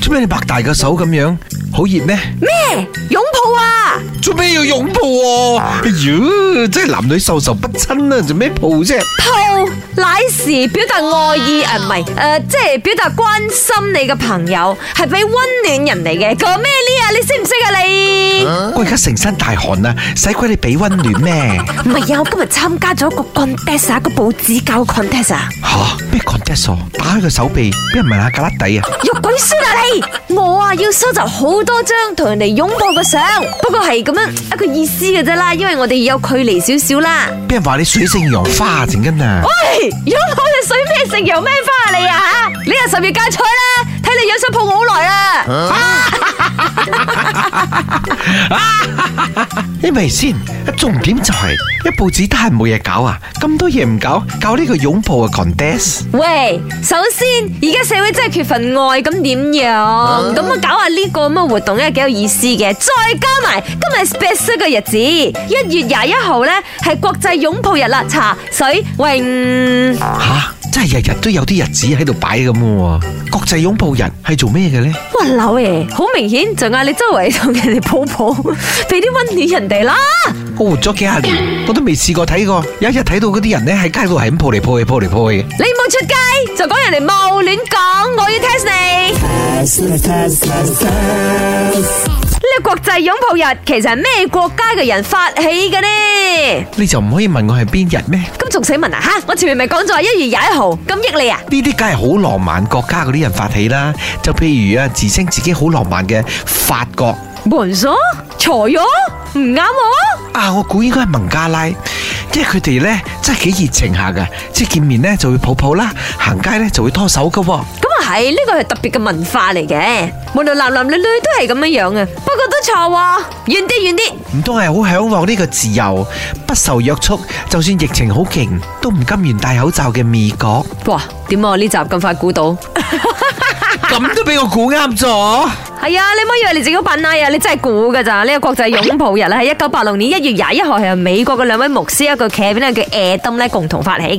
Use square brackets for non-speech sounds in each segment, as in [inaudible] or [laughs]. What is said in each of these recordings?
做咩你擘大個手咁樣？好熱咩？咩擁抱啊？做咩要擁抱啊？哎喲，即係男女授受不親啊！做咩抱啫？抱乃是表達愛意，誒唔係誒，即係表達關心你嘅朋友，係俾溫暖人嚟嘅。講咩呢啊？你識唔識啊你？我而家成身大汗啊，使鬼你俾溫暖咩？唔係啊，我今日參加咗個 contest 啊，個報紙教 contest 啊。吓咩 contest 啊？打開個手臂，俾人問下格粒底啊！肉鬼書啊你！我啊，要收集好多張同人哋擁抱嘅相，不過係咁樣一個意思嘅啫啦，因為我哋有距離少少啦。邊人話你水性楊花，整緊啊！喂，有我你水咩性，楊咩花嚟啊？吓、啊，你又十月芥菜啦，睇你樣想抱我好耐啊！ [laughs] [laughs] [laughs] 你明先，重點就係、是、一輩子都係冇嘢搞啊！咁多嘢唔搞，搞呢個擁抱嘅 contest 喂，首先而家社會真係缺乏愛，咁點樣，樣？咁、啊、我搞下呢個咁嘅活動咧，幾有意思嘅。再加埋今日係 special 嘅日子，一月廿一號咧係國際擁抱日啦！茶水泳。真係日日都有啲日子喺度擺咁嘅，國際擁抱日係做咩嘅咧？哇，柳爺好明顯就嗌你周圍同人哋抱抱，俾啲溫暖人哋啦！我活咗幾十年，我都未試過睇過，有一日睇到嗰啲人咧喺街度係咁抱嚟抱去，抱嚟抱去。你冇出街就講人哋冇亂講，我要 test 你。test test test test 呢個國際擁抱日其實係咩國家嘅人發起嘅呢？你就唔可以問我係邊日咩？咁仲使問啊？吓，我前面咪講咗話一月廿一號，咁益你啊？呢啲梗係好浪漫國家嗰啲人發起啦，就譬如啊自稱自己好浪漫嘅法國、摩索、塞咗？唔啱啊！我估應該係孟加拉，因為佢哋咧真係幾熱情下噶，即係見面咧就會抱抱啦，行街咧就會拖手噶。係呢個係特別嘅文化嚟嘅，無論男男女女都係咁樣樣啊！不過都錯，遠啲遠啲，唔通係好向往呢個自由，不受約束，就算疫情好勁，都唔甘願戴口罩嘅美國。哇！點我呢集咁快估到？咁 [laughs] 都俾我估啱咗。係啊，你唔好以為你自己扮愛啊，你真係估噶咋？呢個國際擁抱日咧，喺一九八六年一月廿一號，係由美國嘅兩位牧師，一個叫傑邊咧，叫 Adam 咧，共同發起嘅。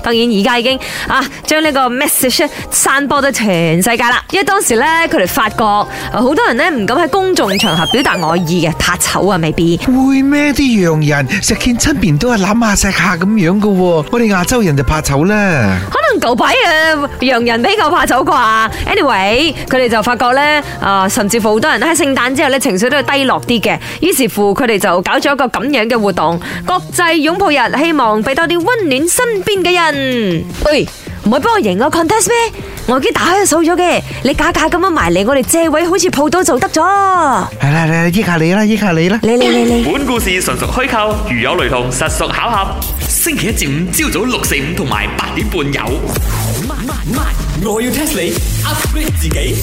當然而家已經啊，將呢個 message 散播咗全世界啦。因為當時咧，佢哋發覺好多人咧唔敢喺公眾場合表達愛意嘅，怕醜啊，未必會咩啲洋人，食見親面都係攬下錫下咁樣噶。我哋亞洲人就怕醜啦，可能舊派啊，洋人比較怕醜啩。Anyway，佢哋就發覺咧。啊，甚至乎好多人喺聖誕之後咧情緒都係低落啲嘅，於是乎佢哋就搞咗一個咁樣嘅活動——國際擁抱日，希望俾多啲溫暖身邊嘅人。喂、哎，唔係幫我贏個 contest 咩？我已經打開手咗嘅，你假假咁樣埋嚟我哋借位，好似抱到就得咗。嚟嚟嚟，應下你啦，應下你啦，你你你。本故事純屬虛構，如有雷同，實屬巧合。星期一至五朝早六四五同埋八點半有。My, my, my, 我要 test 你，upgrade 自己。